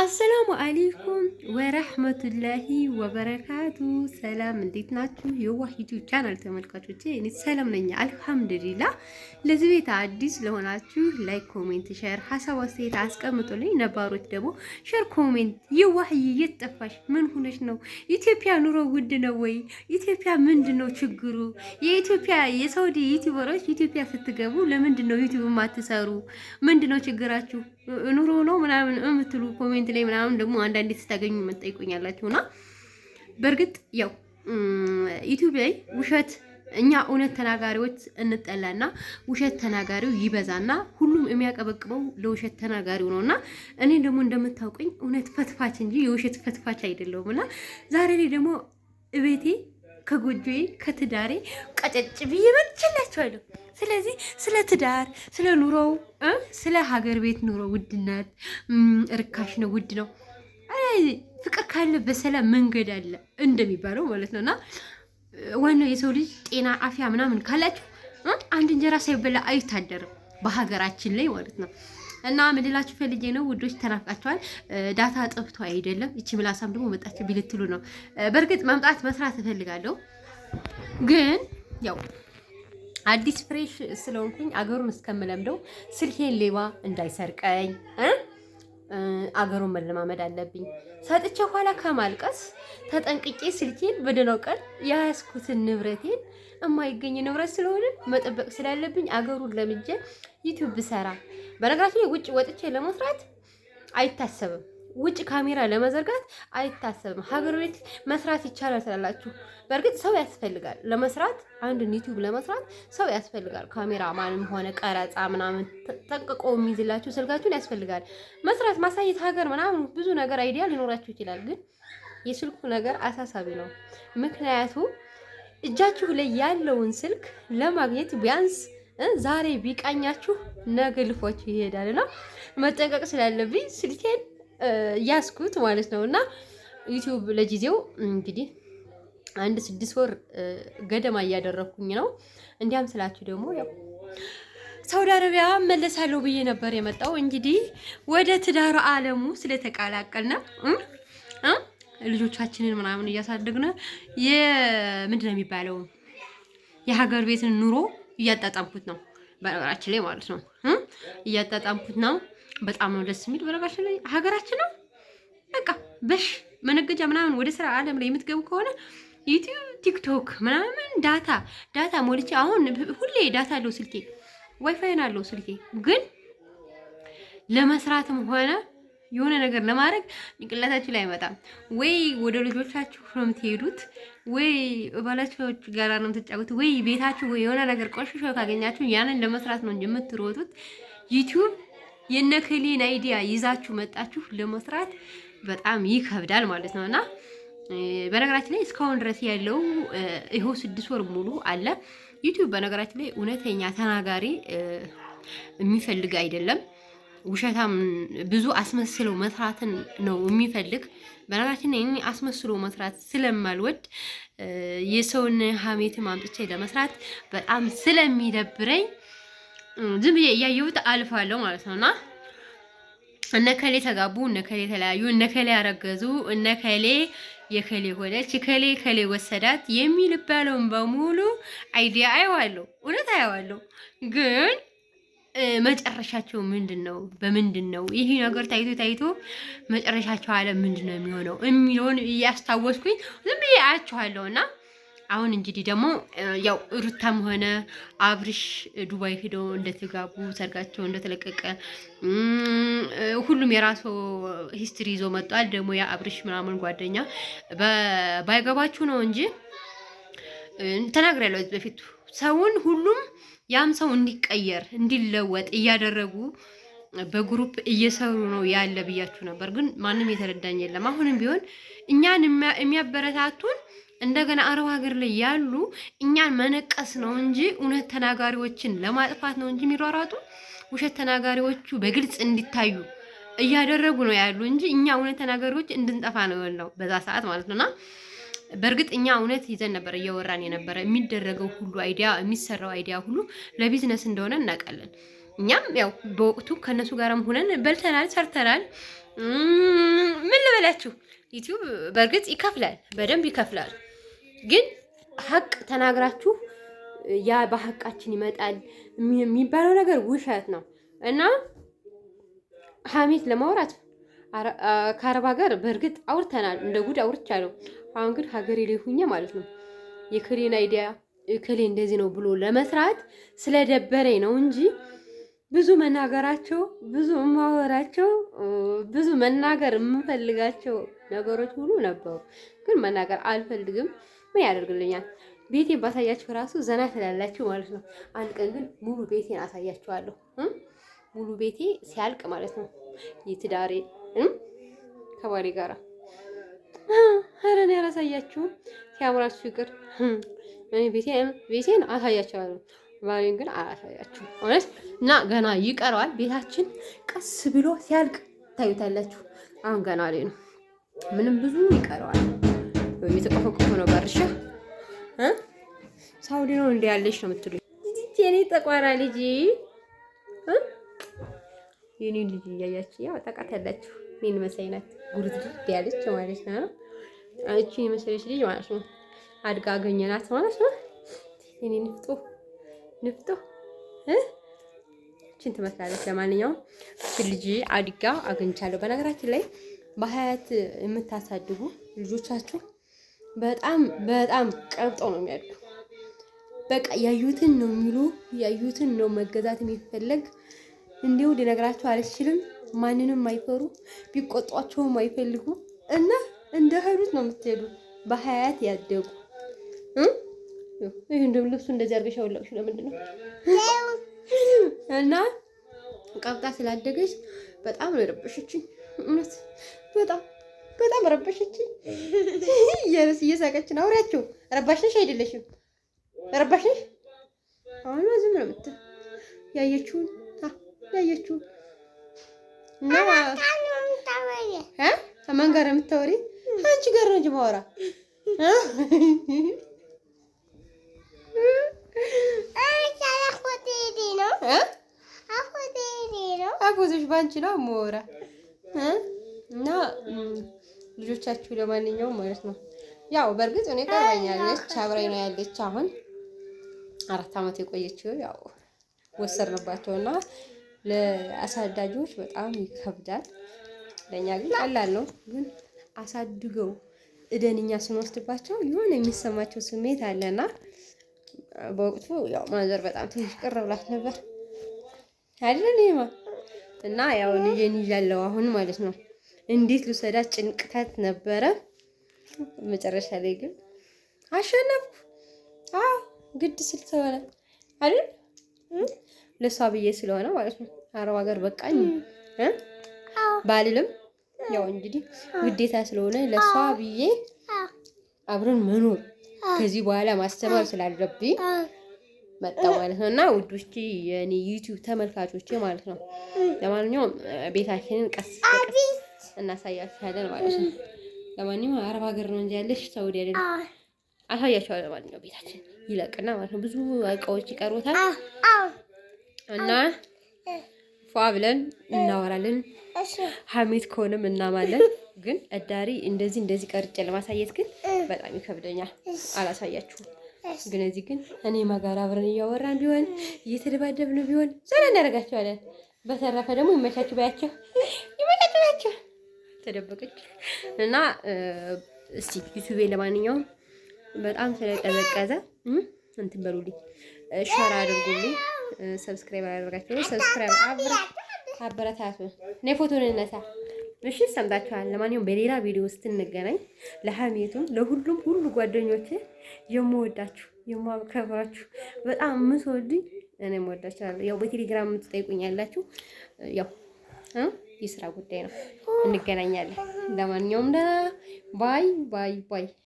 አሰላሙ አሌይኩም ወረህመቱላሂ ወበረካቱ። ሰላም እንዴት ናችሁ? የዋህ ዩቲዩብ ቻናል ተመልካቾቼ እኔ ሰላም ነኝ አልሐምዱሊላ። ለዚህ ቤት አዲስ ለሆናችሁ ላይክ፣ ኮሜንት፣ ሸር ሀሳብ አስተያየት አስቀምጡልኝ። ነባሮች ደግሞ ሸር፣ ኮሜንት የዋህዬ የት ጠፋሽ? ምን ሆነሽ ነው? ኢትዮጵያ ኑሮ ውድ ነው ወይ? ኢትዮጵያ ምንድን ነው ችግሩ? የኢትዮጵያ የሳውዲ ዩቲዩበሮች ኢትዮጵያ ስትገቡ ለምንድን ነው ዩቲዩብ ማትሰሩ? ምንድን ነው ችግራችሁ? ኑሮ ነው ምናምን የምትሉ ኮሜንት ላይ ምናምን ደግሞ አንዳንዴ ስታገኙ መጠይቆኛላችሁና በእርግጥ ያው ዩቲዩብ ላይ ውሸት እኛ እውነት ተናጋሪዎች እንጠላና ውሸት ተናጋሪው ይበዛና ሁሉም የሚያቀበቅበው ለውሸት ተናጋሪው ነው እና እኔ ደግሞ እንደምታውቀኝ እውነት ፈትፋች እንጂ የውሸት ፈትፋች አይደለሁም እና ዛሬ ላይ ደግሞ እቤቴ ከጎጆዬ ከትዳሬ ቀጨጭ ብዬ መጥቼላችኋለሁ። ስለዚህ ስለ ትዳር፣ ስለ ኑሮው፣ ስለ ሀገር ቤት ኑሮ ውድነት እርካሽ ነው፣ ውድ ነው። ፍቅር ካለ በሰላም መንገድ አለ እንደሚባለው ማለት ነው። እና ዋናው የሰው ልጅ ጤና፣ አፍያ ምናምን ካላችሁ አንድ እንጀራ ሳይበላ አይታደርም በሀገራችን ላይ ማለት ነው። እና ምድላችሁ ፈልጌ ነው ውዶች፣ ተናፍቃችኋል። ዳታ ጠፍቶ አይደለም። ይቺ ምላሳም ደግሞ መጣችሁ ቢልትሉ ነው። በእርግጥ መምጣት መስራት እፈልጋለሁ፣ ግን ያው አዲስ ፍሬሽ ስለሆንኩኝ አገሩን እስከምለምደው ስልኬን ሌባ እንዳይሰርቀኝ አገሩን መለማመድ አለብኝ። ሰጥቼ ኋላ ከማልቀስ ተጠንቅቄ ስልኬን በደህናው ቀን የያዝኩትን ንብረቴን የማይገኝ ንብረት ስለሆነ መጠበቅ ስላለብኝ አገሩን ለምጄ ዩቱብ ብሰራ በነገራችን ላይ ውጭ ወጥቼ ለመስራት አይታሰብም። ውጭ ካሜራ ለመዘርጋት አይታሰብም። ሀገር ቤት መስራት ይቻላል ስላላችሁ፣ በእርግጥ ሰው ያስፈልጋል ለመስራት። አንድን ዩቲዩብ ለመስራት ሰው ያስፈልጋል። ካሜራ ማንም ሆነ ቀረጻ ምናምን ጠንቅቆ የሚይዝላችሁ ስልካችሁን ያስፈልጋል። መስራት ማሳየት፣ ሀገር ምናምን ብዙ ነገር አይዲያ ሊኖራችሁ ይችላል። ግን የስልኩ ነገር አሳሳቢ ነው። ምክንያቱ እጃችሁ ላይ ያለውን ስልክ ለማግኘት ቢያንስ ዛሬ ቢቃኛችሁ ነገ ልፏችሁ ይሄዳል ነው መጠንቀቅ ስላለብኝ ስልኬን ያስኩት ማለት ነው። እና ዩቲዩብ ለጊዜው እንግዲህ አንድ ስድስት ወር ገደማ እያደረኩኝ ነው። እንዲያም ስላችሁ ደግሞ ያው ሳውዲ አረቢያ መለሳለሁ ብዬ ነበር የመጣው እንግዲህ ወደ ትዳሩ አለሙ ስለተቀላቀልና ልጆቻችንን ምናምን እያሳደግን የምንድን ነው የሚባለው የሀገር ቤትን ኑሮ እያጣጣምኩት ነው። በነገራችን ላይ ማለት ነው እያጣጣምኩት ነው። በጣም ነው ደስ የሚል። በነገራችን ላይ ሀገራችን ነው በቃ በሽ መነገጃ ምናምን ወደ ስራ አለም ላይ የምትገቡ ከሆነ ዩቲዩብ፣ ቲክቶክ ምናምን ዳታ ዳታ ሞልቼ አሁን ሁሌ ዳታ አለው ስልኬ፣ ዋይፋይን አለው ስልኬ ግን ለመስራትም ሆነ የሆነ ነገር ለማድረግ ጭንቅላታችሁ ላይ አይመጣም። ወይ ወደ ልጆቻችሁ ነው የምትሄዱት፣ ወይ ባላችሁ ጋር ነው የምትጫወቱት፣ ወይ ቤታችሁ የሆነ ነገር ቆሽሾ ካገኛችሁ ያንን ለመስራት ነው እንጂ የምትሮጡት። ዩቲዩብ የነክሊን አይዲያ ይዛችሁ መጣችሁ ለመስራት በጣም ይከብዳል ማለት ነው እና በነገራችን ላይ እስካሁን ድረስ ያለው ይኸው ስድስት ወር ሙሉ አለ። ዩቲዩብ በነገራችን ላይ እውነተኛ ተናጋሪ የሚፈልግ አይደለም። ውሸታም ብዙ አስመስለው መስራትን ነው የሚፈልግ። በነገራችን እኔ አስመስሎ መስራት ስለማልወድ የሰውን ሀሜት አምጥቼ ለመስራት በጣም ስለሚደብረኝ ዝም ብዬ እያየሁት አልፋለሁ ማለት ነው። እና እነከሌ ተጋቡ፣ እነከሌ ተለያዩ፣ እነከሌ አረገዙ እነከሌ የከሌ ሆነች፣ ከሌ ከሌ ወሰዳት የሚልባለውን በሙሉ አይዲያ አየዋለሁ፣ እውነት አየዋለሁ ግን መጨረሻቸው ምንድን ነው? በምንድን ነው ይህ ነገር ታይቶ ታይቶ መጨረሻቸው አለ ምንድን ነው የሚሆነው የሚለውን እያስታወስኩኝ ዝም ብዬ አያችኋለሁ። እና አሁን እንግዲህ ደግሞ ያው ሩታም ሆነ አብርሽ ዱባይ ሄደው እንደተጋቡ ሰርጋቸው እንደተለቀቀ ሁሉም የራሱ ሂስትሪ ይዞ መጥቷል። ደግሞ ያ አብርሽ ምናምን ጓደኛ ባይገባችሁ ነው እንጂ ተናግሬያለሁ በፊቱ ሰውን ሁሉም ያም ሰው እንዲቀየር እንዲለወጥ እያደረጉ በግሩፕ እየሰሩ ነው ያለ ብያችሁ ነበር፣ ግን ማንም የተረዳኝ የለም። አሁንም ቢሆን እኛን የሚያበረታቱን እንደገና አረብ ሀገር ላይ ያሉ እኛን መነቀስ ነው እንጂ እውነት ተናጋሪዎችን ለማጥፋት ነው እንጂ የሚሯሯጡ ውሸት ተናጋሪዎቹ በግልጽ እንዲታዩ እያደረጉ ነው ያሉ እንጂ እኛ እውነት ተናጋሪዎች እንድንጠፋ ነው ያለው በዛ ሰዓት ማለት ነውና በእርግጥ እኛ እውነት ይዘን ነበር እየወራን የነበረ የሚደረገው ሁሉ አይዲያ የሚሰራው አይዲያ ሁሉ ለቢዝነስ እንደሆነ እናውቃለን። እኛም ያው በወቅቱ ከእነሱ ጋርም ሆነን በልተናል፣ ሰርተናል። ምን ልበላችሁ ዩቲዩብ በእርግጥ ይከፍላል፣ በደንብ ይከፍላል። ግን ሀቅ ተናግራችሁ ያ በሀቃችን ይመጣል የሚባለው ነገር ውሸት ነው እና ሀሜት ለማውራት ከአረብ ሀገር በእርግጥ አውርተናል። እንደ ጉድ አውርቻለሁ። አሁን ግን ሀገሬ ላይ ሁኜ ማለት ነው የክሌን አይዲያ እክሌ እንደዚህ ነው ብሎ ለመስራት ስለደበረኝ ነው እንጂ ብዙ መናገራቸው ብዙ ማወራቸው ብዙ መናገር የምፈልጋቸው ነገሮች ሁሉ ነበሩ፣ ግን መናገር አልፈልግም። ምን ያደርግልኛል? ቤቴን ባሳያችሁ ራሱ ዘና ትላላችሁ ማለት ነው። አንድ ቀን ግን ሙሉ ቤቴን አሳያችኋለሁ። ሙሉ ቤቴ ሲያልቅ ማለት ነው የትዳሬ ከባሌ ጋራ ኧረ እኔ አላሳያችሁም። ሲያምራችሁ ይቅር። እኔ ቤቴን ቤቴን አሳያችኋለሁ፣ ባሌን ግን አላሳያችሁም። እውነት እና ገና ይቀረዋል። ቤታችን ቀስ ብሎ ሲያልቅ ታዩታላችሁ። አሁን ገና ላይ ነው። ምንም ብዙ ይቀረዋል። እየተቆፈቆፈ ነው ባርሻ ሳውዲ ነው እንዲ ያለች ነው የምትሉ የኔ ጠቋራ ልጅ የኔ ልጅ እያያችሁ ያው ጠቃት ያላችሁ እኔን መሳይ ናት። ጉርድድ ያለች ማለት ነው። እቺን የመሰለች ልጅ ማለት ነው። አድጋ አገኘናት ማለት ነው። እኔ ንፍጦ ንፍጦ እቺን ትመስላለች። ለማንኛውም ልጅ አድጋ አገኝቻለሁ። በነገራችን ላይ በሀያት የምታሳድጉ ልጆቻችሁ በጣም በጣም ቀብጠው ነው የሚያድጉ። በቃ ያዩትን ነው የሚሉ ያዩትን ነው መገዛት የሚፈለግ እንዲሁ ልነግራችሁ አልችልም። ማንንም አይፈሩ፣ ቢቆጧቸውም አይፈልጉ እና እንደ ሄዱት ነው የምትሄዱ። በሀያት ያደጉ ይህ እንደም ልብሱ እንደዚህ አድርገሽ አውላቅሽ ለምንድን ነው? እና ቀብጣ ስላደገች በጣም ነው የረበሸችኝ። እውነት በጣም በጣም ረበሸችኝ። እየርስ እየሳቀች ነው አውሪያቸው። ረባሽነሽ አይደለሽም ረባሽነሽ። አሁን ዝም ነው የምትል ያየችውን ያየችውን እና ከማን ጋር የምታወሪ? አንቺ ጋር ነው እንጂ ማወራ አፎዞች ባንቺ ነው ማወራ እና ልጆቻችሁ ለማንኛውም ማለት ነው ያው በእርግጥ እኔ ቀርበኛለች አብራኝ ነው ያለች አሁን አራት ዓመት የቆየችው ያው ወሰርንባቸውና ለአሳዳጊዎች በጣም ይከብዳል። ለእኛ ግን ቀላል ነው። ግን አሳድገው እደንኛ ስንወስድባቸው የሆነ የሚሰማቸው ስሜት አለና በወቅቱ ያው ማዘር በጣም ትንሽ ቅር ብላት ነበር አይደል ይማ እና ያው ልጄን ይዣለሁ አሁን ማለት ነው። እንዴት ልውሰዳት ጭንቅተት ነበረ። መጨረሻ ላይ ግን አሸነፍኩ። አዎ ግድ ስልተሆነ አይደል ለእሷ ብዬ ስለሆነ ማለት ነው። አረብ ሀገር በቃኝ ባልልም ያው እንግዲህ ግዴታ ስለሆነ ለሷ ብዬ አብረን መኖር ከዚህ በኋላ ማስተማር ስላለብኝ መጣ ማለት ነው። እና ውዶች የኔ ዩቲዩብ ተመልካቾች ማለት ነው። ለማንኛውም ቤታችንን ቀስ በቀስ እናሳያችኋለን ማለት ነው። ለማንኛውም አረብ ሀገር ነው እንጂ ያለሽ ሰው አይደለም። አሳያችኋለሁ ማለት ቤታችን ይለቅና ማለት ነው። ብዙ እቃዎች ይቀርቦታል እና ፏ ብለን እናወራለን። ሀሜት ከሆነም እናማለን። ግን እዳሪ እንደዚህ እንደዚህ ቀርጬ ለማሳየት ግን በጣም ይከብደኛል፣ አላሳያችሁም። ግን እዚህ ግን እኔ መጋር አብረን እያወራን ቢሆን እየተደባደብን ቢሆን ዘና እናደርጋቸዋለን። በተረፈ ደግሞ ይመቻችሁ ባያቸው፣ ይመቻችሁ ባያቸው። ተደበቀች እና እስቲ ዩቱቤ ለማንኛውም በጣም ስለቀዘቀዘ እንትን በሉልኝ፣ ሸራ አድርጉልኝ። ሰብስክራይብ አላደረጋችሁ ሰብስክራይብ አበረታቱ። እኔ ፎቶ እንነሳ። እሺ ሰምታችኋል። ለማንኛውም በሌላ ቪዲዮ ውስጥ እንገናኝ ለሀሜቱም ለሁሉም ሁሉ ጓደኞቼ የምወዳችሁ የማከብራችሁ በጣም የምትወዱኝ እኔ የምወዳችኋለሁ። ያው በቴሌግራም የምትጠይቁኝ ያላችሁ ያው የስራ ጉዳይ ነው። እንገናኛለን። ለማንኛውም ደህና ባይ ባይ ባይ